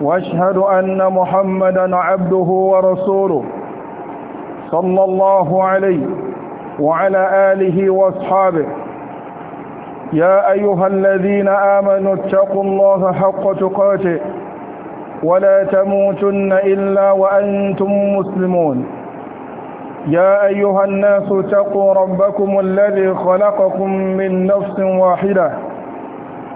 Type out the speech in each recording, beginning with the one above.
واشهد ان محمدا عبده ورسوله صلى الله عليه وعلى اله واصحابه يا ايها الذين امنوا اتقوا الله حق تقاته ولا تموتن الا وانتم مسلمون يا ايها الناس اتقوا ربكم الذي خلقكم من نفس واحده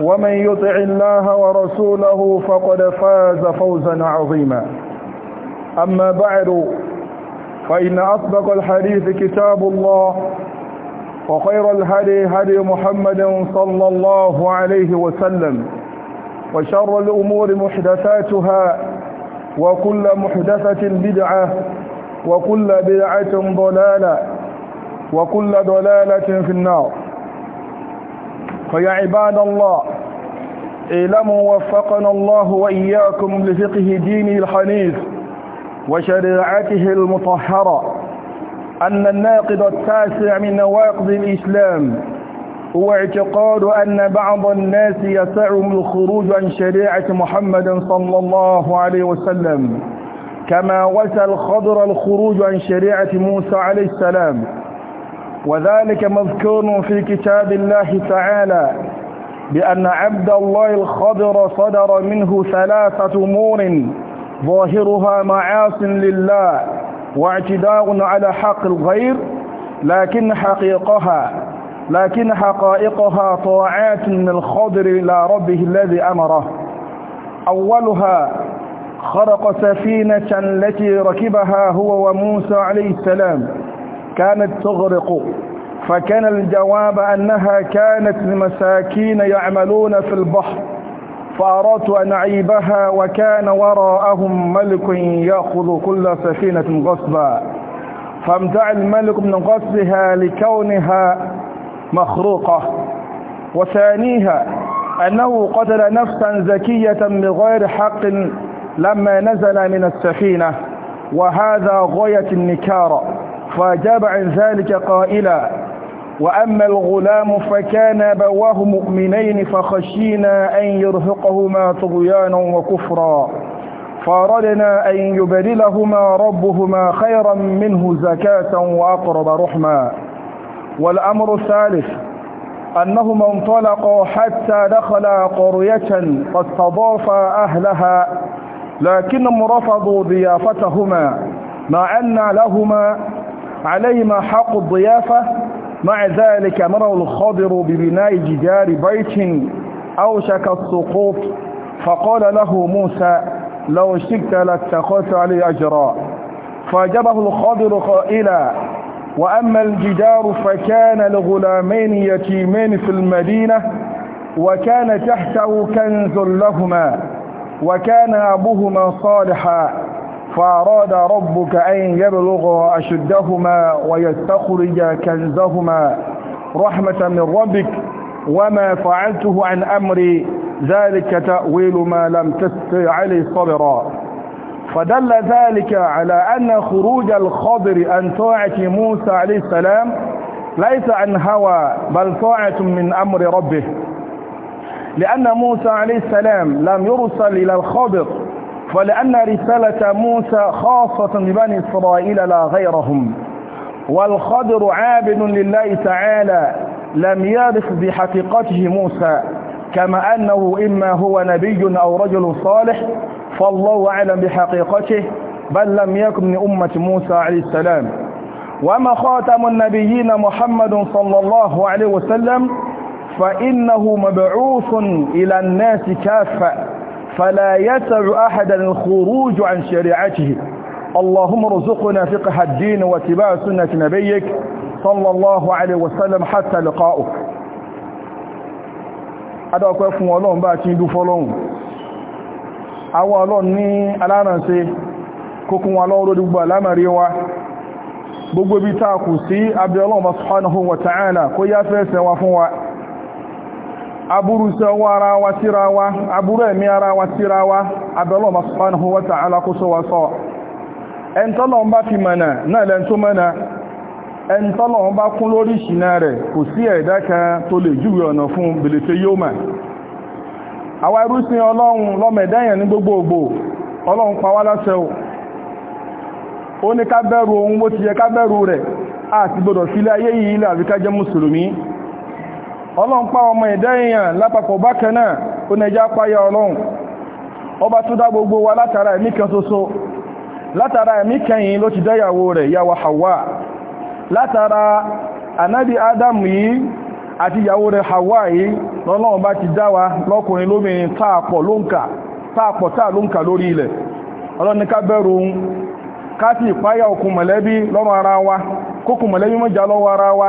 ومن يطع الله ورسوله فقد فاز فوزا عظيما أما بعد فإن أصدق الحديث كتاب الله وخير الهدي هدي محمد صلى الله عليه وسلم وشر الأمور محدثاتها وكل محدثة بدعة وكل بدعة ضلالة وكل ضلالة في النار فيا عباد الله اعلموا وفقنا الله وإياكم لفقه دينه الحنيف وشريعته المطهرة أن الناقض التاسع من نواقض الإسلام هو اعتقاد أن بعض الناس يسعهم الخروج عن شريعة محمد صلى الله عليه وسلم كما وسى الخضر الخروج عن شريعة موسى عليه السلام وذلك مذكور في كتاب الله تعالى بأن عبد الله الخضر صدر منه ثلاثة أمور ظاهرها معاص لله واعتداء على حق الغير لكن حقيقها لكن حقائقها طاعات من الخضر إلى ربه الذي أمره أولها خرق سفينة التي ركبها هو وموسى عليه السلام كانت تغرق فكان الجواب أنها كانت لمساكين يعملون في البحر فأردت أن أعيبها وكان وراءهم ملك يأخذ كل سفينة غصبا فامتع الملك من غصبها لكونها مخروقة وثانيها أنه قتل نفسا زكية بغير حق لما نزل من السفينة وهذا غاية النكارة فأجاب عن ذلك قائلا وأما الغلام فكان بواه مؤمنين فخشينا أن يرهقهما طغيانا وكفرا فأردنا أن يبدلهما ربهما خيرا منه زكاة وأقرب رحما والأمر الثالث أنهما انطلقا حتى دخلا قرية فاستضافا أهلها لكنهم رفضوا ضيافتهما مع أن لهما عليهما حق الضيافة مع ذلك امره الخضر ببناء جدار بيت أوشك السقوط فقال له موسى لو شئت لاتخذت عليه أجرا فأجابه الخضر قائلا وأما الجدار فكان لغلامين يتيمين في المدينة وكان تحته كنز لهما وكان أبوهما صالحا فأراد ربك أن يبلغ أشدهما ويستخرج كنزهما رحمة من ربك وما فعلته عن أمري ذلك تأويل ما لم تستطع علي صبرا فدل ذلك على أن خروج الخضر عن طاعة موسى عليه السلام ليس عن هوى بل طاعة من أمر ربه لأن موسى عليه السلام لم يرسل إلى الخضر فلأن رسالة موسى خاصة ببني إسرائيل لا غيرهم والخضر عابد لله تعالى لم يرث بحقيقته موسى كما أنه إما هو نبي أو رجل صالح فالله أعلم بحقيقته بل لم يكن من أمة موسى عليه السلام وما خاتم النبيين محمد صلى الله عليه وسلم فإنه مبعوث إلى الناس كافة فلا يسر أحدا الخروج عن شريعته اللهم ارزقنا فقه الدين واتباع سنة نبيك صلى الله عليه وسلم حتى لقاؤك adáwọ̀pẹ́ fún ọlọ́run bá ti ń dú fọ́lọ́run àwọn ọlọ́run ní alárànṣẹ́ kókún wa lọ́rọ̀ gbogbo alámàrí wa gbogbo bí táàkù sí abẹ́ ọlọ́run subhanahu wa ta'ala kó yá fẹ́ ṣe wa fún wa aburu iṣẹ́ ọwọ́ ara wa tira wa aburú ẹ̀mí ara awa síra awa abẹ́lọ́mà wa ta'ala kó sọ wa sọ fi mọ̀nà náà lẹ́ntó mọ̀nà ẹntọ́lọ̀ kún lórí ìṣìnà rẹ̀ kò sí ẹ̀dá kan tó ó ní ká ohun bó ti yẹ ká rẹ̀ gbọdọ̀ sílé ayé yìí mùsùlùmí ọlọ́run pa ọmọ ẹ̀dá èèyàn lápapọ̀ bákan náà ó ọlọ́run ọba tó gbogbo wa látara ẹ̀mí kan Latara látara ẹ̀mí kẹyìn ló ti yawo rẹ̀ yàwó Hawa látara anábi Adam yìí àti ìyàwó rẹ̀ Hawa yìí lọ́lọ́run bá ti dá wa lọ́kùnrin lómìnrin táàpọ̀ lóǹkà lórí ilẹ̀ ọlọ́ni ká bẹ̀rù ká sì páyà okùn mọ̀lẹ́bí ara wa kókùn mọ̀lẹ́bí mọ́jà lọ́wọ́ wa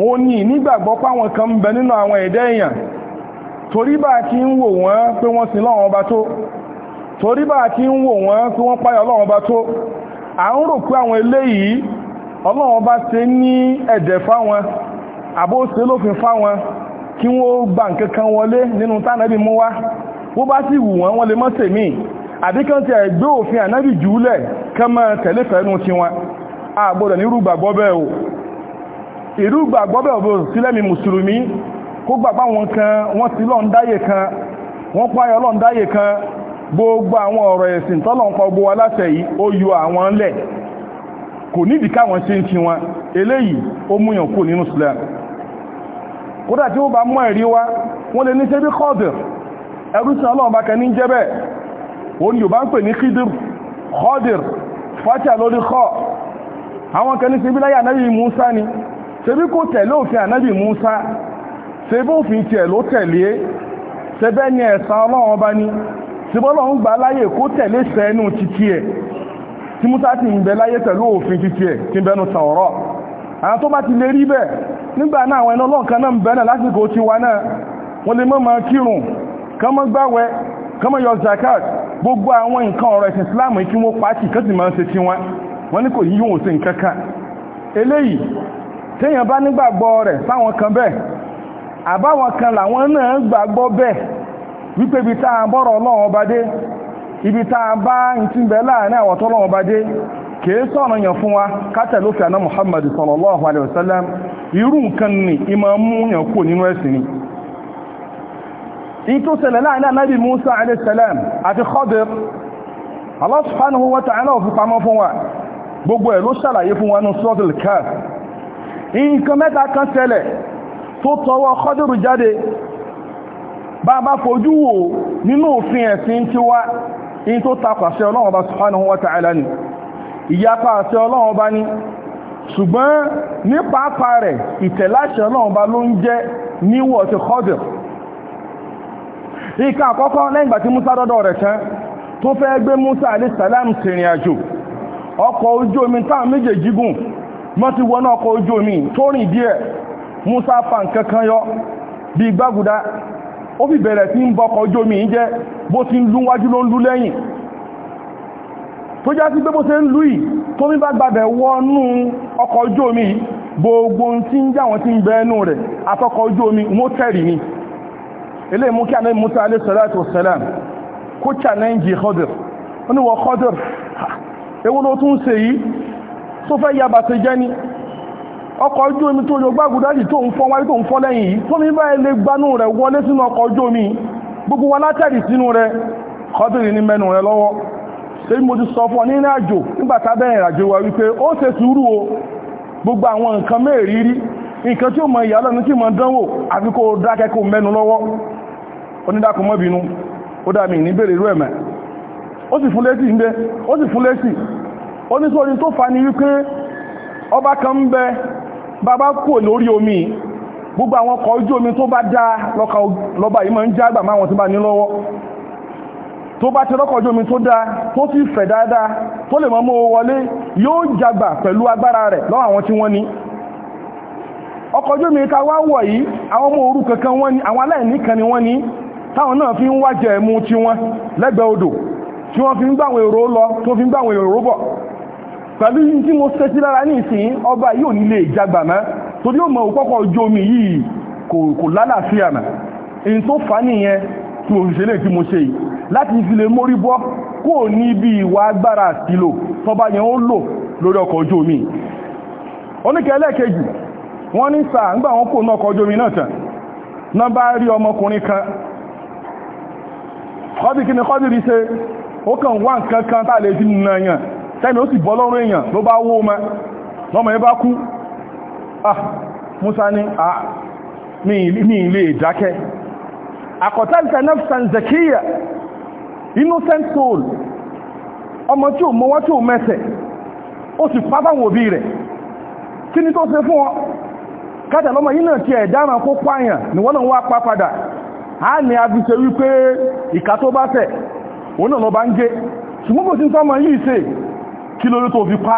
òun ni nígbàgbọ́ páwọn kan ń bẹ nínú àwọn ẹ̀dẹ́ èèyàn torí bá kí ń wò wọ́n pé wọ́n sin lọ́wọ́n ọba tó torí bá kí ń wò wọ́n pé wọ́n páyà ọlọ́wọ́n ọba tó à ń rò pé àwọn eléyìí ọlọ́wọ́n ọba ṣe ní ẹ̀dẹ̀ fáwọn àbó ṣe lófin fáwọn kí wọ́n gba nǹkan kan wọlé nínú tánàbí mú wá wọ́n bá sì wù wọ́n wọ́n lè mọ́ tèmí àbíkan ti ẹ̀gbẹ́ òfin ànábì jùúlẹ̀ kán máa tẹ̀lé fẹ́nu tiwọn àgbọ̀dọ̀ nírú gbàgbọ́ bẹ́ẹ̀ o ìrú gbàgbọ́bẹ̀ ọ̀bọ̀ sílẹ̀mì mùsùlùmí kó gbàgbà wọn kan wọ́n ti lọ́n dáyè kan wọ́n páyọ lọ́n dáyè kan gbogbo àwọn ọ̀rọ̀ ẹ̀sìn tọ́lọ̀ ń pa gbogbo wa láṣẹ yìí ó yọ àwọn lẹ̀ kò nídìí káwọn ṣe ń ti wọn eléyìí ó múyàn kú nínú islam kódà tí ó bá mú ẹ̀rí wá wọ́n lè ní ṣe bí Khadir ẹrúsìn ọlọ́ọ̀bá kan ní jẹ́bẹ̀ òun yóò bá ń pè ní Khidir Khadir fàtíà lórí kọ́ àwọn kan ní ṣe bí láyà náà Musa ni ṣebí kò tẹ̀lé òfin ànábì Musa sebi òfin tiẹ̀ ló tẹ̀lé e? ṣebẹ́ ni ẹ̀san ọlọ́run bá ní ṣebí ọlọ́run gbà láyè kó tẹ̀lé sẹ́nu titi ẹ̀ tí Musa ti ń bẹ láyé tẹ̀lé òfin titi ẹ̀ tí ń bẹnu Tàórà àwọn tó bá ti lè rí bẹ́ẹ̀ nígbà náà ń bẹ náà lásìkò tiwa náà wọ́n lè mọ́ kírun kán gbáwẹ́ gbogbo àwọn nǹkan ọ̀rọ̀ ẹ̀sìn Islam kí wọ́n sì máa ń tiwọn téèyàn bá nígbàgbọ́ rẹ̀ sáwọn kan bẹ́ẹ̀ àbáwọn kan làwọn náà gbàgbọ́ bẹ́ẹ̀ wípé ibi tá a bọ́rọ̀ ọlọ́run ọba dé ibi tá a bá ń ti láàrin àwọn tọ́lọ́run ọba dé kìí sọ̀rọ̀ yàn fún wa kátẹ̀lú fìànà muhammadu sallallahu alaihi wasallam irú nǹkan ni ìmọ̀ mú yàn kú nínú ẹ̀sìn ni in tó ṣẹlẹ̀ láàrin anábì musa alaihi sallam àti Khadir Allah subhanahu wa ta'ala ó fi pamọ́ fún wa gbogbo ẹ̀ ló ṣàlàyé fún wa ní suratul Kahf nǹkan mẹ́ta kan ṣẹlẹ̀ tó tọwọ́ kọ́dùrù jáde bá bá fojú wò nínú òfin ẹ̀sìn tí wá in tó takọ̀ àṣẹ Ọlọ́run Ọba subhanahu wa ta'ala ni ìyapa àṣẹ Ọlọ́run Ọba ni ṣùgbọ́n ní pàápà rẹ̀ ìtẹ̀láṣẹ Ọlọ́run Ọba ló ń jẹ́ níwọ̀ ti kọ́dùr ìka àkọ́kọ́ lẹ́yìn ìgbà tí Musa dọ́dọ̀ rẹ̀ tán tó fẹ́ gbé Musa alayhi wọ́n ti wọ́n náà kọ ojú omi tó rìn díẹ̀ Musa fa nǹkan kan yọ bí gbágudá ó fi bẹ̀rẹ̀ sí ń bọkọ̀ ojú omi jẹ́ bó ti ń lú wájú ló ń lú lẹ́yìn tó já sí pé bó ṣe ń lú ì tó mi bá gbàbẹ̀ wọnú ọkọ̀ ojú omi gbogbo tí ń já wọn tí ń bẹ ẹnu rẹ̀ atọ́kọ̀ ojú omi wọ́n tẹ̀rì ni eléyìí mú kí àná Musa alayhi salatu wassalam kó challenge Khadir ó ní wọ Khadir èwo ló tún ṣe yìí tó fẹ́ ya bàtẹ̀ jẹ́ ni ọkọ̀ ojú omi tó yọgbá gùdádì tó ń fọ́ wáyé tó ń fọ́ lẹ́yìn yìí tó mi gbanú rẹ̀ wọlé sínú ọkọ̀ ojú gbogbo wa látẹ̀rì sínú rẹ̀ ní mẹ́nu rẹ̀ lọ́wọ́ mo ti sọ fún ọ nínú àjò o gbogbo àwọn nǹkan nǹkan tí ó mọ ìyá tí dánwò àfi kó o mẹ́nu lọ́wọ́ onídàkùnmọ́bìnú ó dà mí ní bèrè oníṣòrin tó fa ni wípé ọba kan ń bẹ bàbá kò lórí omi gbogbo àwọn ọkọ̀ ojú omi tó bá dá lọ́ba yìí máa ń tí bá ní lọ́wọ́ tó bá ti rọ́kọ̀ ojú omi tó dá tó sì fẹ̀ dáadáa tó lè mọ́ wọlé yóò jágbà pẹ̀lú agbára rẹ̀ lọ́wọ́ àwọn tí wọ́n ní ọkọ̀ pẹ̀lú tí mo ṣe lára ní ìsìn ọba yìí ò nílé lè jagbà torí mọ̀ òpọ́pọ̀ ojú omi yìí kò lálàáfíà mà tó fà tí mo tí mo ṣe yìí láti fi mórí bọ́ kò ní bí ìwà agbára omi wọ́n ní ń ọkọ̀ ojú omi náà tàn kàn wá nǹkan kan lè fi tẹ́ni ó sì bọ́ lọ́rùn èèyàn ló bá wó mẹ́ lọ́mọ yẹn kú ah Musa ni a ní ah, ilé ìdákẹ́ àkọ̀tẹ́lẹ̀ nafsan zakiya innocent soul ọmọ tí ò mọ́wọ́ tí ò mẹ́sẹ̀ ó sì pápáwọn òbí rẹ̀ kí ni tó ṣe fún wọn kájà lọ́mọ yìí náà ti ẹ̀dáràn kó pààyàn ni wọ́n náà wá pa padà a ní wípé ìkà tó bá tẹ̀ òun náà lọ bá ń gé ṣùgbọ́n sọ́mọ yìí kí lórí tó fi pa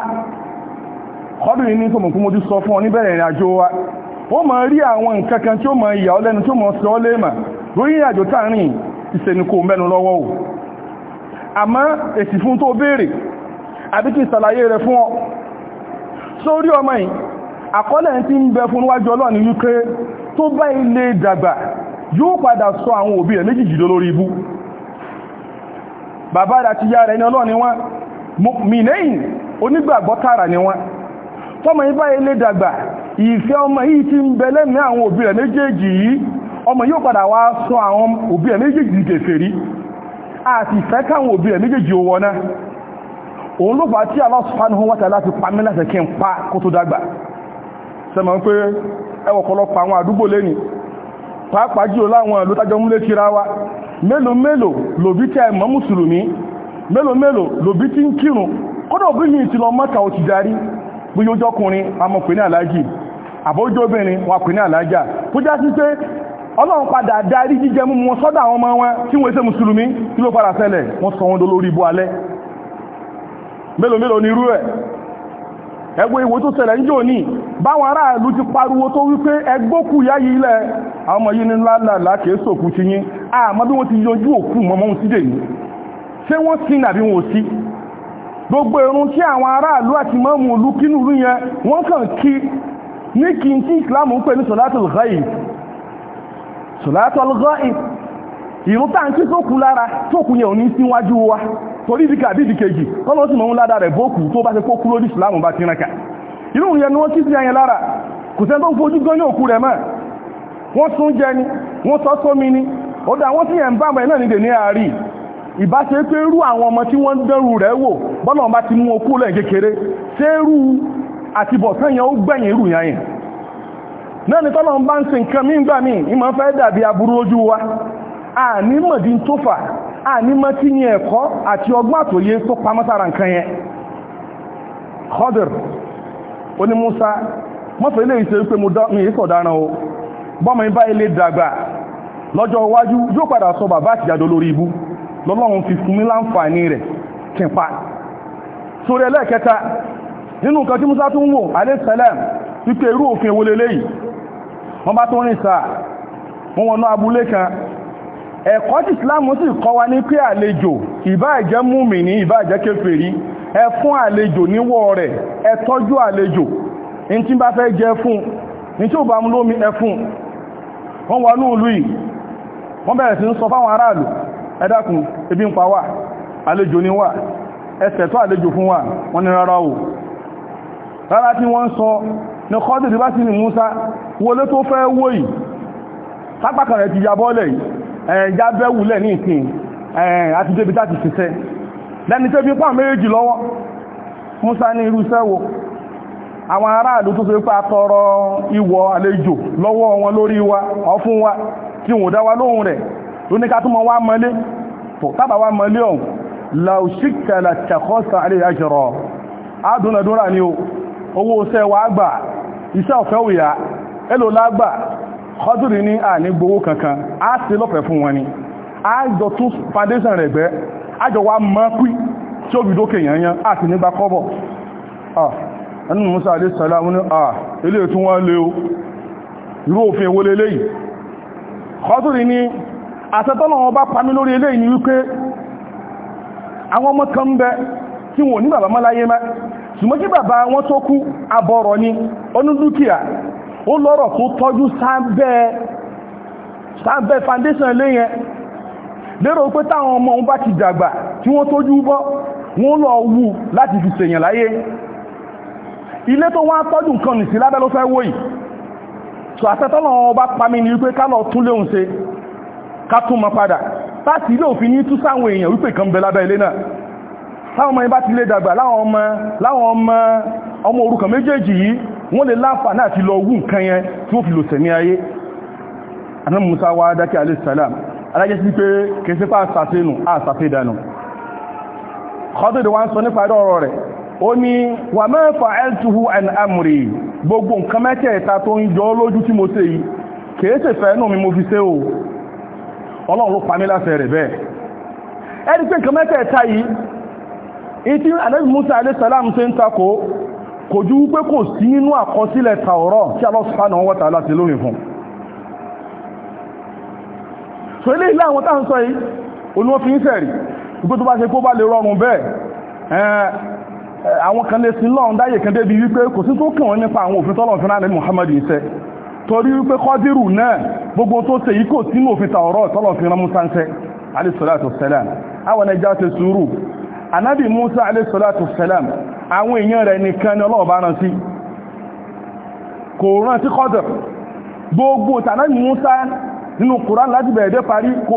ọdún yìí ní sọmọ̀ kún mo ti sọ fún ọ níbẹ̀rẹ̀ ìrìn àjò wa ó máa rí àwọn nǹkan kan tí ó máa yà ọ́ lẹ́nu tí ó máa sọ ọ́ léèmà lórí ìrìn àjò táàrin ìsẹ̀nukò mẹ́nu lọ́wọ́ o àmọ́ èsì fún tó béèrè àbí kí ìsàlàyé rẹ̀ fún ọ sórí ọmọ yìí àkọlẹ̀ tí ń bẹ fún níwájú ọlọ́ni wípé tó bá ilé dàgbà yóò padà sọ àwọn òbí rẹ̀ méjìjìdó ibú bàbá àti ìyá rẹ̀ ọlọ́ni wọn mìnẹ́yìn onígbàgbọ́ tààrà ni wọ́n tọ́mọ yìí báyìí lè dàgbà ìfẹ́ ọmọ yìí ti ń bẹ lẹ́mìí àwọn òbí rẹ̀ méjèèjì yìí ọmọ yóò padà wá sọ àwọn òbí rẹ̀ méjèèjì kèfèrí àti ìfẹ́ káwọn òbí rẹ̀ méjèèjì ò wọ́ná òun ló fà á tí pa n pa kó tó dagba. sẹ́mọ̀ pé ẹwọ̀ kọlọpọ̀ àwọn àdúgbò lẹ́ni pàápàá jù láwọn ìlú tájọ múlé kíra wa mélòó mélòó lòbí tẹ́ mùsùlùmí Melomelo mélòó lòbí tí ń kírun kódà òbí yìí ti lọ mọ́ta ò ti darí bí yóò jọkùnrin a mọ̀ pé ní aláàjì àbójóbìnrin wọn pè ní aláàjà tó já sí pé ọlọ́run padà darí jíjẹ mú ẹgbẹ́ ìwò tó ṣẹlẹ̀ níjò ní báwọn aráàlú ti pariwo tó wípé ẹgbókù yá yìí àwọn ọmọ yìí ti wọ́n ti yọjú òkú ṣé wọ́n sí nàbí wọn ò sí gbogbo irun tí àwọn aráàlú àti mọ́mù olú kínú rú yẹn wọ́n kàn kí ní kí n tí islam ń pè ní sọ̀látùl ghaib sọ̀látùl ghaib ìrún tá à ń kí tó kú lára tó kú yẹn ò ní síwájú wa torí ìdíkà àbí ìdíkejì tọ́lọ́ sì ni wọ́n kí sí ẹyẹn lára kò sẹ́ tó ń fojú ìbáṣe pé rú àwọn ọmọ tí wọ́n dẹ́rù rẹ̀ wò bọ́lọ̀ bá ti mú okú lẹ̀ kékeré ṣé rú àtibọ̀tán yẹn ó gbẹ̀yìn irú yẹn yẹn náà ni tọ́lọ̀ bá ń ṣe nǹkan mí gbà mí ìmọ̀ fẹ́ dàbí aburú ojú wa àní mọ̀dí tó fà àní mọ́ tí yẹn ẹ̀kọ́ àti ọgbọ́n àtòyé tó pamọ́ sára nǹkan yẹn Khadir oní Musa mọ́fẹ́ ilé ìṣe wípé o bọ́mọ ibá ilé dàgbà lọ́jọ́ lọ́lọ́run fi fún mi láǹfààní rẹ̀ kí n pa sórí ẹlẹ́ẹ̀kẹta nínú nǹkan tí Musa tún wò alẹ́sẹ̀lẹ́m wípé irú òfin èwo leléyìí wọ́n bá tó rìn sáà wọ́n wọnú abúlé kan ẹ̀kọ́ tí Islam sì kọ́ wa ní pé àlejò ìbá jẹ́ mùmínì ìbá jẹ́ kèfèrí ẹ fún àlejò níwọ̀ rẹ̀ ẹ tọ́jú àlejò in tí bá fẹ́ jẹ fún in tí ó bá mú lómi ẹ fún wọ́n wọnú ìlú yìí wọ́n bẹ̀rẹ̀ sí ń sọ fáwọn aráàlú ẹ dákun ebi ń pa wá àlejò ní wá ẹsẹ̀ tó àlejò fún wa wọ́n ní rárá o rárá tí wọ́n sọ ní kọ́dìdì bá sí ní Musa wọlé tó fẹ́ wó yìí sápàkà rẹ̀ ti yabọ́lẹ̀ ẹ̀yà bẹ́wulẹ̀ ní ìpín àti débi láti ṣiṣẹ́ lẹ́ni tó bí pà méjì lọ́wọ́ Musa ní irúṣẹ́ wo àwọn aráàlú tó fi pa tọrọ ìwọ̀ àlejò lọ́wọ́ wọn lórí wa ọ fún wa kí wọ́n dá wa lóhùn rẹ̀ tó ní ká tó mọ wá mọ́lé tó tábà wá mọ́lé ọ̀hún lausika la takọ́sà àrí àjọrọ̀ adúnadúnrà ni owó iṣẹ́ wa gbà iṣẹ́ ọ̀fẹ́ òyà èlò lágbà kọdùrí ní àní gbowó kankan a sì lọ́fẹ̀ fún wọn ni a jọ tún foundation rẹ̀ a jọ wá mọ́ pí tí ó bí a sì nígbà kọ́bọ̀ ẹnu musa alẹ́sàlámù ní àtẹ́tọ́lọ́wọ́ bá pàmí lórí eléyìí ni wípé àwọn ọmọ kan bẹ tí wọ́n ní bàbá mọ́láyé mẹ́ ṣùgbọ́n kí bàbá wọn tó kú abọ́rọ̀ ni onídúkìá ó lọ́rọ̀ tó tọ́jú sábẹ́ foundation léyẹn lérò pé táwọn ọmọ wọn ti dàgbà tí wọ́n tójú bọ́ wọ́n lọ wù láti fi ṣèyàn láyé ilé tó wá tọ́jú nǹkan nìsí lábẹ́ ló fẹ́ wòyí so àtẹ́tọ́lọ́wọ́ bá pàmí ni wípé ká lọ tún léhun ká tún mọ padà láti ilé òfin ní tú sáwọn èèyàn wípé kan bẹ lábẹ́ ilé náà táwọn ọmọ yẹn bá ti lè dàgbà láwọn ọmọ láwọn ọmọ ọmọ òrukàn méjèèjì yìí wọ́n lè láǹfààní àti lọ wú nǹkan yẹn tí ó fi lò sẹ̀mí ayé aná musa wá dákẹ́ alayhi salam alájẹ́ sí pé kèsí pa àsàfẹ́nù àsàfẹ́dànù kọ́dọ̀dọ̀ wá ń sọ nípa ọ̀rọ̀ rẹ̀ ó ní wà ma fa'altuhu an amri gbogbo nǹkan mẹ́tẹ̀ẹ̀ta tó ń jọ lójú tí mo ṣe yìí kèése fẹ́ẹ̀nù mi mo fi ṣe o ọlọ́run ló pa mí láṣẹ rẹ̀ bẹ́ẹ̀ ẹni pé nǹkan mẹ́tẹ̀ẹ̀ta yìí ìtí ànábì Musa alayhi salam ṣe ń takò kò ju wípé kò sí nínú àkọsílẹ̀ tàọ̀rọ̀ tí Allah subhanahu wa ta'ala ti lóhìn fún so ilé ilé àwọn táà ń sọ yìí olúwọ́n fi ń sẹ̀rí ìgbé tó bá ṣe kó bá lè rọrùn bẹ́ẹ̀ àwọn kan lè sin lọ́run dáyè kan débi wípé kò sí tó kàn wọ́n nípa àwọn torí wípé kọ́dírù náà gbogbo tó ṣe yìí kò sínú òfin tàọ̀rọ̀ tọ́lọ̀ fi rán musa ń ṣe alẹ́sọ̀láàtò sẹ́lẹ̀m àwọn ẹja ṣe sùúrù anábì musa alẹ́sọ̀láàtò sẹ́lẹ̀m àwọn èèyàn rẹ̀ nìkan ni ọlọ́ọ̀bá rán sí kò rán sí kọ́dìr gbogbo tànábì musa nínú kùrán láti bẹ̀rẹ̀ dé parí kò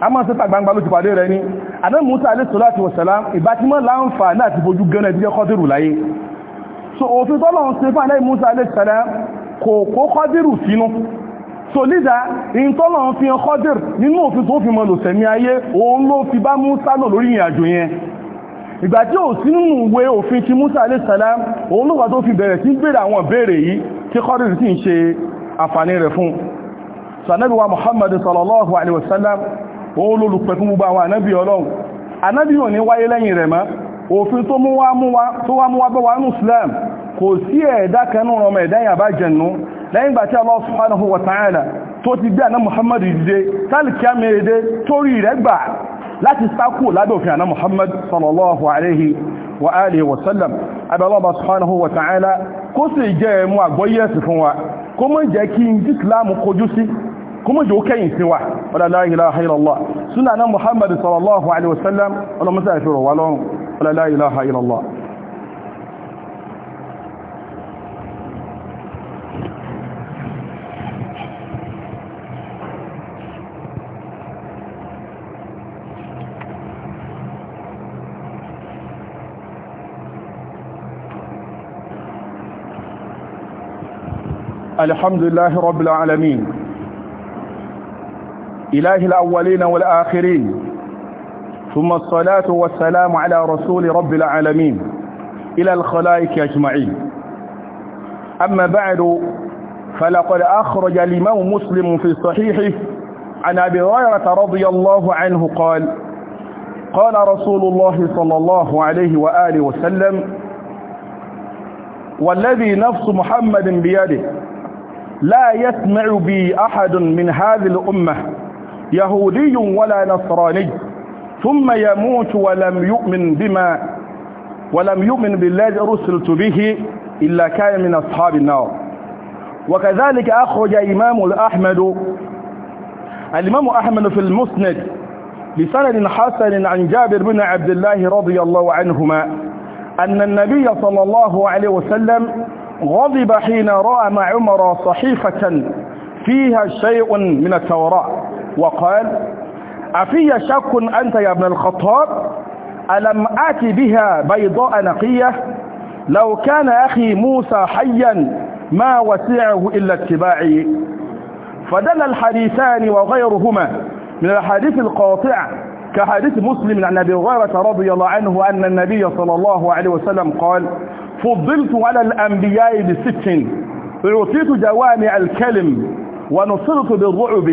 a máa sẹ́ta gbangba ló ti pàdé rẹ ní ànábì Mùsá alayhi salatu wassalam ìbátímọ́ láǹfààní àti fojú gánà ìdíjẹ́ kọ́dìrù láyé so òfin tọ́lọ́run ṣe fún ànábì Mùsá alayhi salam kò kó kọ́dìrù sínú so lídà ìtọ́lọ́run fi kọ́dìrù nínú òfin tó fi mọ́ lò sẹ̀mí ayé òun ló fi bá Mùsá lò lórí ìrìnàjò yẹn ìgbà tí ò sínú ìwé òfin ti Mùsá alayhi salam òun ló wà tó fi bẹ̀rẹ̀ sí gbèrè àwọn ìbéèrè yìí tí kọ́dìrù sì ń ṣe àǹfààní rẹ̀ fún sanabi wa Muhammad sallallahu alaihi wasallam òun lólùpẹ̀ fún gbogbo àwọn ànábì ọlọ́run ànábì ò ní wáyé lẹ́yìn rẹ̀ mọ́ òfin tó mú wá mú wá tó wá mú wá bọ́ wá ní islam kò sí ẹ̀dá kanú ọmọ ẹ̀dẹ́yìn àbájẹ̀nú lẹ́yìn gbà tí Allah subhanahu wa ta'ala tó ti gbé àná muhammad dìde tálìkí àmìrèdè torí rẹ̀ gbà láti sákò lábẹ́ òfin àná muhammad sallallahu alaihi wa alihi wa sallam abẹ́lọ́ba subhanahu wa ta'ala kó sì jẹ́ ẹ̀mú àgbọ́yẹ̀sì fún wa kó mọ́ jẹ́ kí n jí islam sí kuma sai wa wala la ilaha illallah sunna nan muhammad sallallahu alaihi wasallam wala musa shiro wala wala la ilaha illallah الحمد لله رب العالمين إله الأولين والآخرين ثم الصلاة والسلام على رسول رب العالمين إلى الخلائق أجمعين أما بعد فلقد أخرج الإمام مسلم في صحيحه عن أبي هريرة رضي الله عنه قال قال رسول الله صلى الله عليه وآله وسلم والذي نفس محمد بيده لا يسمع بي أحد من هذه الأمة يهودي ولا نصراني ثم يموت ولم يؤمن بما ولم يؤمن بالذي أرسلت به إلا كان من أصحاب النار وكذلك أخرج إمام الأحمد الإمام أحمد في المسند بسند حسن عن جابر بن عبد الله رضي الله عنهما أن النبي صلى الله عليه وسلم غضب حين رأى مع عمر صحيفة فيها شيء من التوراة وقال أفي شك أنت يا ابن الخطاب ألم آتي بها بيضاء نقية لو كان أخي موسى حيا ما وسعه إلا اتباعي فدل الحديثان وغيرهما من الحديث القاطع كحديث مسلم عن أبي هريرة رضي الله عنه أن النبي صلى الله عليه وسلم قال فضلت على الأنبياء بست أعطيت جوامع الكلم ونصرت بالرعب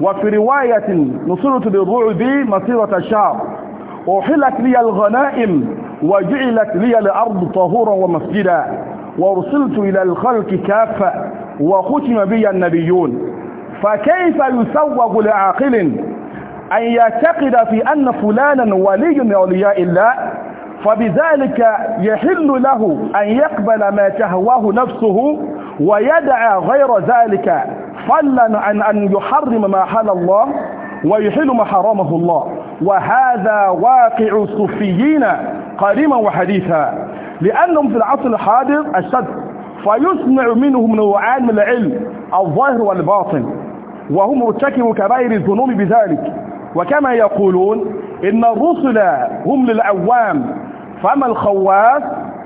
وفي رواية نصرت بالرعب مصيرة الشعب أحلت لي الغنائم وجعلت لي الأرض طهورا ومسجدا وارسلت إلى الخلق كافة وختم بي النبيون فكيف يسوغ لعاقل أن يعتقد في أن فلانا ولي من أولياء الله فبذلك يحل له أن يقبل ما تهواه نفسه ويدعى غير ذلك فلا عن أن يحرم ما حل الله ويحل ما حرمه الله وهذا واقع الصوفيين قديما وحديثا لأنهم في العصر الحاضر أشد فيسمع منهم نوعان من العلم الظاهر والباطن وهم مرتكب كبائر الذنوب بذلك وكما يقولون إن الرسل هم للعوام فما الخواف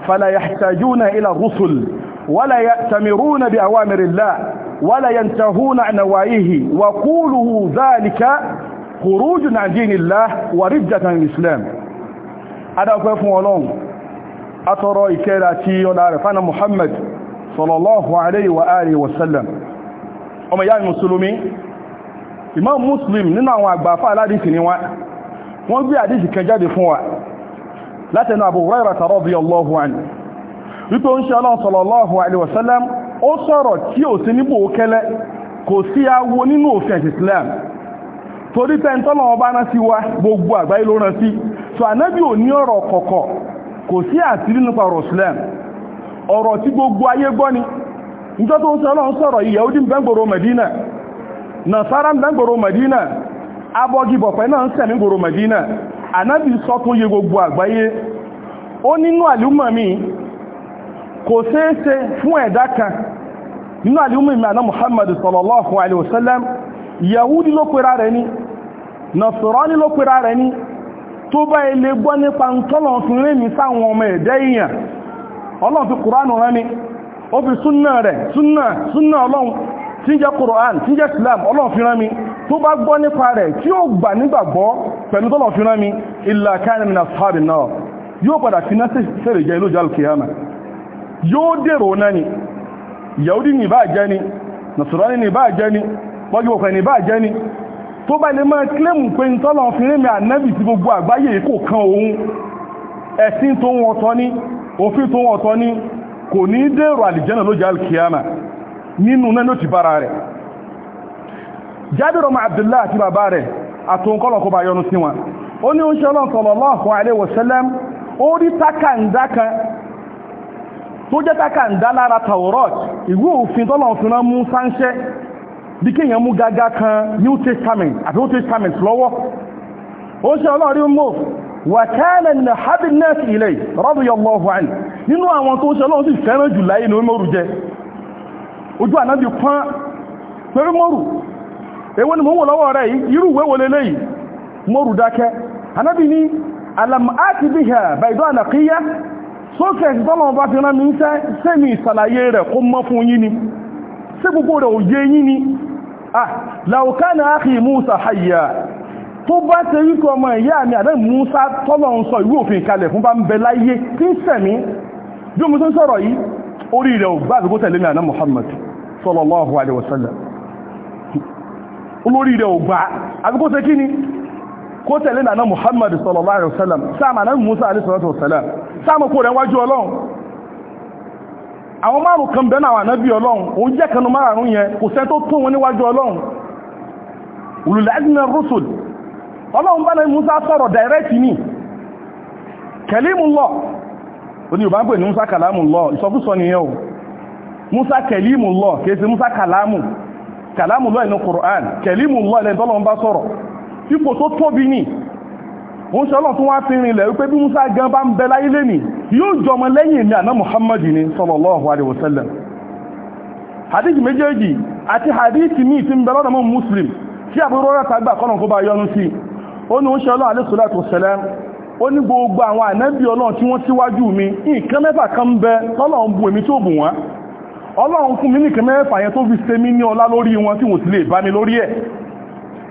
فلا يحتاجون إلى الرسل ولا يأتمرون بأوامر الله ولا ينتهون عن نواهيه وقوله ذلك خروج عن دين الله ورجة عن الإسلام هذا أكبر فمولون أترى إكالاتي والعرف أنا محمد صلى الله عليه وآله وسلم ọmọ ìyá ìmùsùlùmí Imam Muslim nínú àwọn àgbàfà aládìsì ni wọ́n gbé àdìsì kan jáde fún wa látẹnu Abu Hurairah radiyallahu anhu wípé ó ń ṣe ọlọ́run sallallahu ó sọ̀rọ̀ tí ò sí nípò kẹlẹ́ kò sí awo nínú òfin Islam torí tẹ́ntọ́nà ọba sí wa gbogbo àgbáyé ló rán sí so anabi ò ní ọ̀rọ̀ kọ̀kọ̀ kò sí àṣírí nípa ọ̀rọ̀ Islam ọ̀rọ̀ gbogbo ayé gbọ́ ni níjọ́ tó ń sọ ọlọ́run sọ̀rọ̀ yìí Yahudi ń bẹ gbogbo àgbáyé kò ṣeéṣe fún ẹ̀dá kan nínú àlúmù ìmọ̀nà muhammadu sallallahu alaihi wasallam yahudi ló pera rẹ̀ ní nasarani ló pera rẹ̀ ní tó bá ilé gbọ́ nípa tọ́lọ̀n fún rẹ̀mí sáwọn ọmọ ẹ̀dẹ́ èèyàn ọlọ́n fi kùránù rán ní ó fi súnnà rẹ̀ súnnà súnnà ọlọ́n tí jẹ́ kùrán tí jẹ́ islam ọlọ́n fi rán mi tó bá gbọ́ nípa rẹ̀ tí ó gbà nígbàgbọ́ pẹ̀lú tọ́lọ̀n fi rán mi illa kana min ashabin nar yóò padà fi náà sẹ́rẹ̀ jẹ́ ìlú jẹ́ yóò dèrò náà ni yahudi ní bá jẹ́ ni nasarani ní bá jẹ́ ni pọ́júwọ̀kọ̀ ní bá jẹ́ ni tó bá lè máa kílẹ̀mù pé ń tọ́lọ̀ fi mi ànábì sí gbogbo àgbáyé kò kan òun ẹ̀sìn tó wọn tọ́ ní òfin tó wọn tọ́ ní kò ní dèrò àlìjẹ́nà ló alkiyama nínú náà ló ti bára rẹ̀ jábìrọ̀ ma abdullahi àti bàbá rẹ̀ àtòǹkọ́lọ̀kọ́ bá yọnu sí wọn ó ní oúnjẹ ọlọ́n sallallahu tó jẹ́ káka ń dá lára Taurat ìwé òfin tọ́lọ̀ fúnra mú sáńṣẹ́ bí kéèyàn mú gágá kan New Testament àti Old Testament lọ́wọ́ ó ṣe ọlọ́rí mọ́ wàkánà ní habinas ilẹ̀ radiyallahu anhu nínú àwọn tó ṣe lọ́wọ́ sí fẹ́ràn jù láyé ní orímọ̀rù jẹ ojú ànábì pán pẹ̀rú mọ́rù ewé ni mo wò lọ́wọ́ rẹ̀ irú ìwé wọlé ati biha bayda naqiya sókèsì tọ́lọ̀ bá fi rán mi tẹ́ sẹ́mi ìsàlàyé rẹ̀ kó mọ́ fún yín ni sí gbogbo rẹ̀ òye yín ni ah láwùká ní ákì Musa hayya tó bá ṣe wípé ọmọ ìyá mi àdán Musa tọ́lọ̀ ń sọ ìwé òfin kalẹ̀ fún bá ń bẹ láyé tí ń sẹ̀mí bí mo tó ń sọ̀rọ̀ yìí orí rẹ̀ ò gbá wasallam olórí rẹ̀ ò gbá kó tẹ̀lé nàná Muhammad sallallahu alaihi wasallam sáàmà náà Musa alaihi sallallahu alaihi wasallam sáàmà kó rẹ̀ wájú ọlọ́run àwọn márùn kan bẹ́ẹ̀ náà ànábì ọlọ́run òun jẹ́ kanu márùn yẹn kò sẹ́ tó tó wọn níwájú ọlọ́run ulul azmi minar rusul ọlọ́run bá náà Musa sọ̀rọ̀ direct ni kalimullah oní yorùbá ń pè ní Musa kalamullah ìsọkúsọ nìyẹn o Musa kalimullah kèsì Musa kalamu kalamullah inú Qur'an kalimullah ilẹ̀ tọ́lọ́run bá sọ̀rọ̀ ipò tó tóbi ní òun ṣe ọlọ́tún wá fi rinlẹ̀ wípé bí Musa gan bá ń bẹ láyé lẹ́nì yóò jọmọ lẹ́yìn ní àná Muhammad ní sallallahu alaihi wasallam hadith méjèèjì àti hadith míì ti ń bẹ lọ́nà mọ́ Muslim tí àbúrò rẹ̀ tàgbà kọ́nà kó bá yọnu sí ó ní òun ṣe ọlọ́ alaihi salatu wasallam ó ní gbogbo àwọn ànábì ọlọ́run tí wọ́n mi nǹkan mẹ́fà kan bẹ tọ́lọ́run bù èmi tó bù wọ́n ọlọ́run fún mi nìkan mẹ́fà yẹn tó fi ṣe mí ní ọlá lórí wọn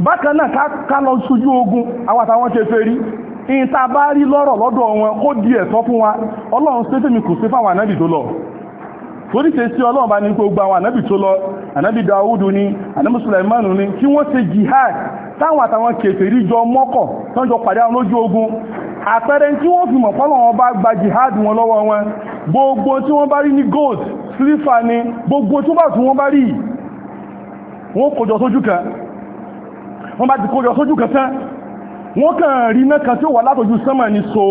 bákan náà ká lọ sójú ogun àwàtàwọn ṣe fẹ́ rí ìta bá rí lọ́rọ̀ lọ́dọ̀ wọn kó di ẹ̀tọ́ fún wa ọlọ́run ṣe kò sí fáwọn ànábì tó lọ torí ṣe sí ọlọ́run bá ní kó gba àwọn ànábì tó lọ ànábì Dáúdù ni ànábì ni kí wọ́n ṣe jihad táwọn àtàwọn jọ mọ́kọ̀ tọ́jọ pàdé àwọn ogun àpẹẹrẹ tí wọ́n fi mọ̀ bá gba jihad wọn lọ́wọ́ wọ́n bá ti kó yọ sójú kan tán wọ́n kàn rí iná kan tí ó wà látọjú sánmà ní so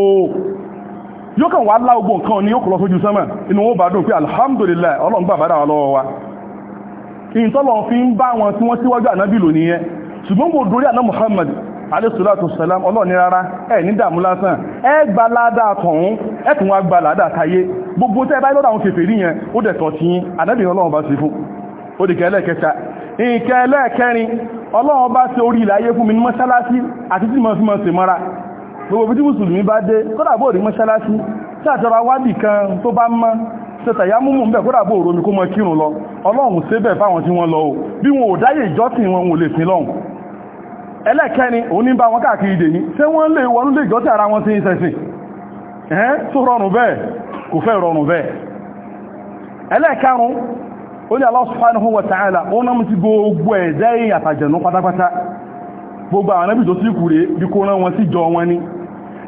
yóò kàn wá lá ogbò nǹkan ní yóò kọ̀ lọ sójú sánmà inú wọn bá dùn pé alhamdulillah ọlọ́run gbà bára lọ́wọ́ wa ìntọ́lọ̀ fi ń bá wọn tí wọ́n síwájú ànábì lò nìyẹn ṣùgbọ́n mo dorí àná Muhammad alẹ́sùlátò sàlám ọlọ́ni rárá ẹ̀ ní dàmú lásán ẹ gba ládàá tọ̀hún ẹ tún wá gba ládàá táyé gbogbo tẹ́ báyìí lọ́dọ̀ àwọn kèfè rí yẹn ó dẹ̀ tọ̀ tí yín ànábì ọlọ́run bá sí fún ó dìkẹ́ ẹlẹ́kẹta ìkẹ́ ẹlẹ́kẹrin ọlọ́run bá ṣe orí ìlàyé fún mi ní mọ́ṣálásí àti tí mọ́ fi mọ́ sí mọ́ra gbogbo bí tí mùsùlùmí bá dé kọ́dàbò rí mọ́ṣálásí tí àjọra wádì kan tó bá mọ́ ṣẹta ya múmù bẹ̀ kọ́dàbò romi kó mọ́ kírun lọ ọlọ́run ṣe bẹ̀ fáwọn tí wọ́n lọ o bí wọn ò dáyé ìjọsìn wọn ò lè sin lọ́hùn ẹlẹ́kẹ́ni òní bá wọn káàkiri dè ní ṣé ó ní Allah subhanahu wa ta'ala ó náà mú ti gbogbo ẹ̀dá èyàn àtàjẹ̀nú pátápátá gbogbo àwọn anábì tó sí kúrè bí kó rán wọn sí jọ wọn ni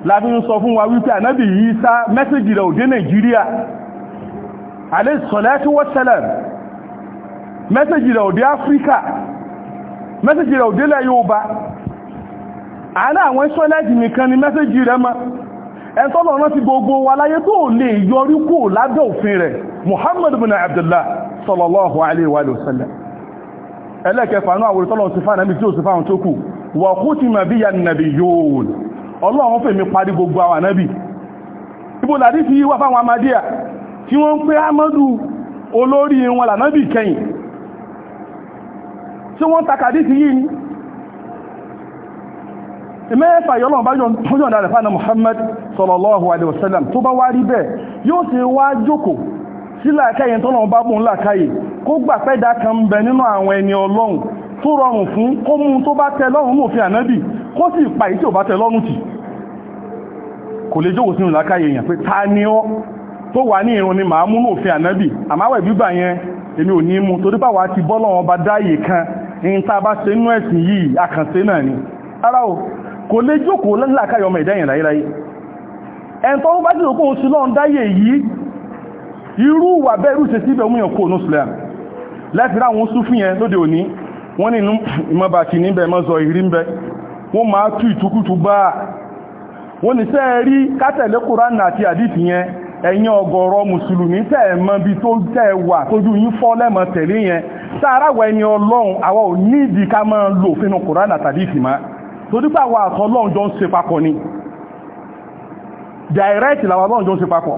láti ń sọ fún wa wípé anábì yìí sá mẹ́sẹ̀jì rẹ̀ òdé Nàìjíríà alayhi wa salam mẹ́sẹ̀jì rẹ̀ òdé Áfíríkà mẹ́sẹ̀jì rẹ̀ òdé ilẹ̀ Yorùbá àánà àwọn ṣọ́lẹ́jì nìkan ni ma ẹ̀ntọ́lọ̀ rántí gbogbo wa láyé tó lè yọrí kò lábẹ́ òfin bin Abdullah sallallahu alaihi wa sallam ẹlẹ́kẹfà náà àwòrán tọ́lọ̀ ti fáà nàbí tí ó sì fáà tó kù wà kú ti mà bí ya nàbí yóò ọlọ́run fèmí parí gbogbo àwọn nàbí ibò làdí fi wà fáwọn amadíà tí wọ́n ń pé amadu olórí wọn lànàbí kẹyìn tí wọ́n takàdí ti yìí mẹ́fà yọ́lọ̀ bá yọ̀ tí làákàyè tọ́nà bá bùn làákàyè kó gbà pẹ́ kan ń bẹ nínú àwọn ẹni ọlọ́run tó rọrùn fún kó mú tó bá tẹ lọ́rùn kó pa tí ò bá tẹ kò lè jókòó sínú èèyàn pé ta ni tó wà ní ni màá mú àmáwẹ̀ gbígbà yẹn èmi ò ní mú torí wa ti bọ́ lọ́wọ́ bá kan ní bá ṣe ni ara o kò lè jókòó làákàyè ọmọ ẹ̀ntọ́ bá sí lọ́n yìí irú wà bẹ́ẹ̀ irú ṣe síbẹ̀ mú yàn kó ònú islam láti ráwọn súnfì yẹn lóde òní wọ́n ní ìmọ̀bàtì níbẹ̀ mọ́ sọ ìrí ń bẹ wọ́n máa tú ìtukútu bá wọ́n ní sẹ́ rí kátẹ̀lé kúránà àti àdìtì yẹn ẹ̀yin ọ̀gọ̀rọ̀ mùsùlùmí tẹ́ mọ̀ bí tó tẹ́ wà tójú yín fọ́ lẹ́mọ̀ tẹ̀lé yẹn sáàráwọ̀ ẹni ọlọ́run àwa ò ní ìdí ká máa lò fínú kúránà tàbí ìfìmá torípà wà àtọ́lọ́run jọ ń ṣe papọ̀ ni direct làwọn ọlọ́run jọ ń ṣe papọ̀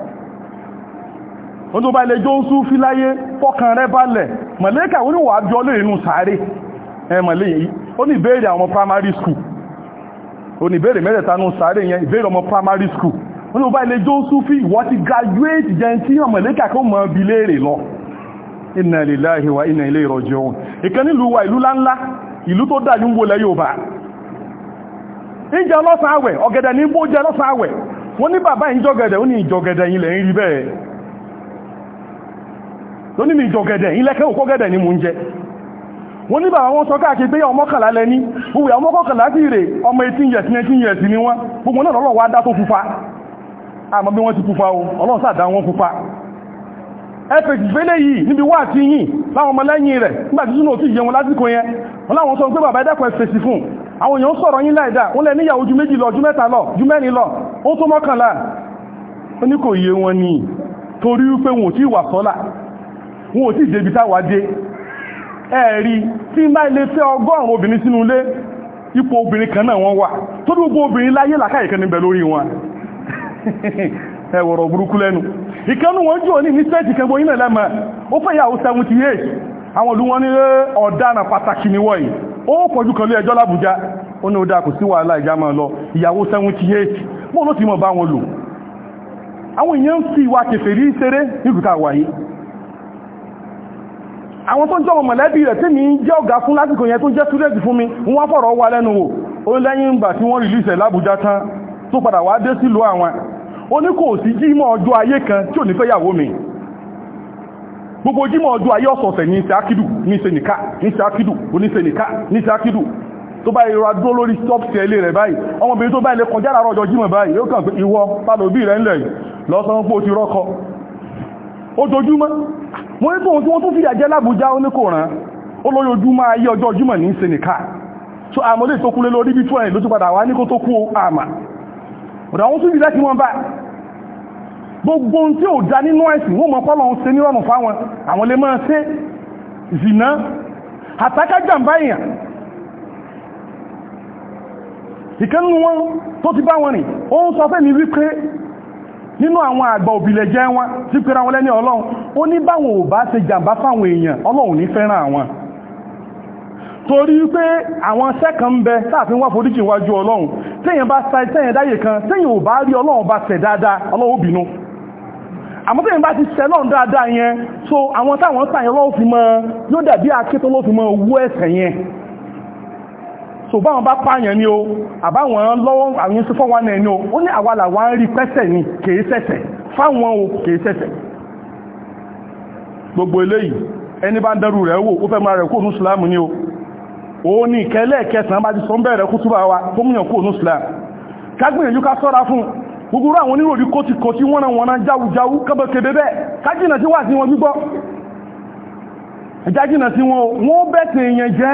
wọ́n tó bá ilẹ̀ jó sú fi láyé fọ́kàn rẹ balẹ̀ mọ̀lẹ́kà wọ́n ní wà á jọ lè inú sáré ẹmọ̀lẹ́ yìí ó ní ìbéèrè àwọn primary school ó ní ìbéèrè mẹ́rẹ̀ta nù sáré yẹn ìbéèrè ọmọ primary school wọ́n tó bá ilẹ̀ jó sú fi ìwọ́ ti graduate jẹ́ tí ọmọlẹ́kà kó mọ̀ bí wa inna ilayhi raji'un ìkan nílùú wa ìlú láńlá ìlú tó dájú ń wọlẹ̀ yóò bá ìjẹ́ ọlọ́sàn àwẹ̀ ọ̀gẹ̀dẹ̀ ní bó jẹ́ tó ní mi ìjọgẹ̀dẹ̀ ilẹ́kẹ́ òkọ́gẹ̀dẹ̀ ni mò ń jẹ wọ́n ní bàbá wọn sọ káàkiri pé ọmọkànlá lẹ́ní gbogbo ọmọkànlá sí rè ọmọ 18 years 19 years ni wọ́n gbogbo náà lọ́rọ̀ wá dá tó pupa àmọ́ bí wọ́n ti pupa o ọlọ́run sáà dá wọn pupa ẹ̀fẹ̀ ìfẹ́lẹ̀ yìí níbi wà tí yìn láwọn ọmọ lẹ́yìn rẹ̀ nígbàtí súnà òtí ìyẹun lásìkò yẹn wọ́n láwọn sọ pé bàbá ẹ̀dẹ́kọ̀ ẹ̀fẹ̀sì fún àwọn èèyàn sọ̀rọ̀ torí pé wọn ò tí wà sọ́là wọn ò tí ìdébi táwàdé ẹ̀rí tí bá ilé fẹ́ ọgọ́rùn obìnrin sínú ilé ipò obìnrin kan náà wọ́n wà tó dúgbò obìnrin láyé làkáyẹ̀kẹ́ níbẹ̀ lórí wọn ẹwọ̀rọ̀ burúkú lẹ́nu ìkanú wọn jò ní ní sẹ́ẹ̀tì kẹgbọ́ ilẹ̀ lẹ́mọ̀ ó fẹ́ yàwó 78 àwọn olúwọ́n ní ọ̀daràn pàtàkì ní wọ́yìí ó pọ̀jú kan lé ẹjọ́ lábújá ó ní ó dá kò sí wàhálà ìjámọ̀ lọ ìyàwó 78 mọ́ ló ti mọ̀ bá wọn lò àwọn èèyàn ń fi ìwà kèfèrí ṣeré nígbùtà wáyìí àwọn tó jọ mọ̀lẹ́bí rẹ̀ tí mi ń jẹ́ ọ̀gá fún lásìkò yẹn tó jẹ́ túrẹ́sì fún mi wọ́n fọ̀rọ̀ wà lẹ́nu wò ó lẹ́yìn ìgbà tí wọ́n rìlíṣẹ̀ lábújá tán tó padà wá dé sílùú àwọn ó ní kò sí jímọ̀ ọjọ́ ayé kan tí ò ní fẹ́yàwó mi gbogbo jímọ̀ ọjọ́ ayé ọ̀sọ̀ọ̀sẹ̀ ní ṣe ákídù ní ṣe nìká ní ṣe ákídù ní ṣe nìká ní ṣe ákídù tó bá ìrora dúró lórí stop sí ẹlé rẹ̀ báyìí ọmọbìnrin tó bá ilé kọjá láàárọ̀ ọjọ́ jímọ̀ báyìí yóò kàn pé ìwọ pálóbì rẹ̀ ńlẹ̀ lọ́sàn-án pò ti rọ́kọ ojoojúmọ́ wọ́n ní tóhun tí wọ́n tún fìyà jẹ lábújá ó ní kò ayé ọjọ́ ojúmọ́ ní seneca so àmọ́lé tó kúlé lórí bí túnrẹ̀ lójú padà wá ní kó tó kú àmà ọ̀dà wọ́n tún bí láti wọ́n bá gbogbo tí ò dá nínú ẹ̀sìn wọ́n mọ̀ pọ́lọ̀ ń ṣe nírọ̀nù fáwọn àwọn lè máa nínú àwọn àgbà òbílẹ̀ jẹ́ wọn tí pẹ́ra wọn lẹ́ni ọlọ́run ó ní báwọn ò bá ṣe fáwọn èèyàn ọlọ́run ní fẹ́ràn àwọn torí pé àwọn sẹ́kàn bẹ sáàfin wá foríjì wájú ọlọ́run tẹ́yìn bá sa kan tẹ́yìn ò bá rí ọlọ́run bá dáadáa ọlọ́run àmọ́ tẹ́yìn ti dáadáa yẹn so àwọn táwọn fi mọ́ yóò dàbí akétọ́ ló fi mọ́ owó ẹ̀sẹ̀ so báwọn bá pààyàn ní o àbáwọn lọ́wọ́ àwọn sí fọ́wọ́n náà ní o ó ní àwàlà wá ń rí pẹ́sẹ̀ ní kèé sẹ̀sẹ̀ fáwọn o kèé sẹ̀sẹ̀ gbogbo eléyìí ẹni bá ń dẹrù rẹ̀ wò ó fẹ́ máa rẹ̀ kó òun ní o ó ní ìkẹ́lẹ̀ kẹsàn bá wa tó múyàn kó òun sùlámù kágbìyànjú ká sọ́ra fún gbogbo àwọn oníròrí kótíkótí wọ́n náà wọ́n náà jáwújáwú kẹ́bẹ̀kẹ́bẹ̀ bẹ́ẹ̀ kájìnà tí wà sí wọn gbígbọ́ ẹjájìnà sí wọn wọ́n bẹ́ẹ̀ tèèyàn jẹ́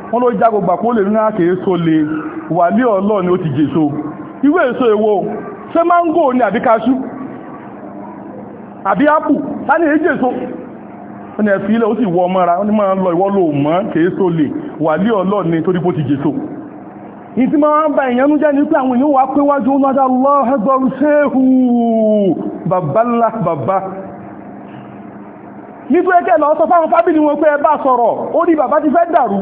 wọ́n ló jágo gbà kó lè rírán àkè èso lè wà ọlọ́ ni ó ti jèso irú èso èwo ṣé máńgò ni àbí kaṣú àbí ápù tani èyí wọ́n ni ẹ̀fí ilẹ̀ ó sì wọ ọmọra wọ́n ni máa lọ ìwọ́ lò mọ́ kèéso lè ni torí bó ti jèso ní tí máa ń ba èèyàn jẹ́ ní pé àwọn èèyàn wà pé wájú ọ̀nà àdá ṣéhù bàbá ńlá bàbá nítorí lọ sọ fáwọn fábìlì wọn dàrú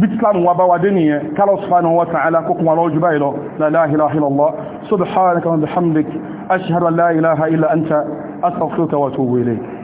بإسلام وبوادنية كالله سبحانه وتعالى كوكم الله جبائله لا لا إله إلا الله سبحانك وبحمدك أشهد أن لا إله إلا أنت أستغفرك وأتوب إليك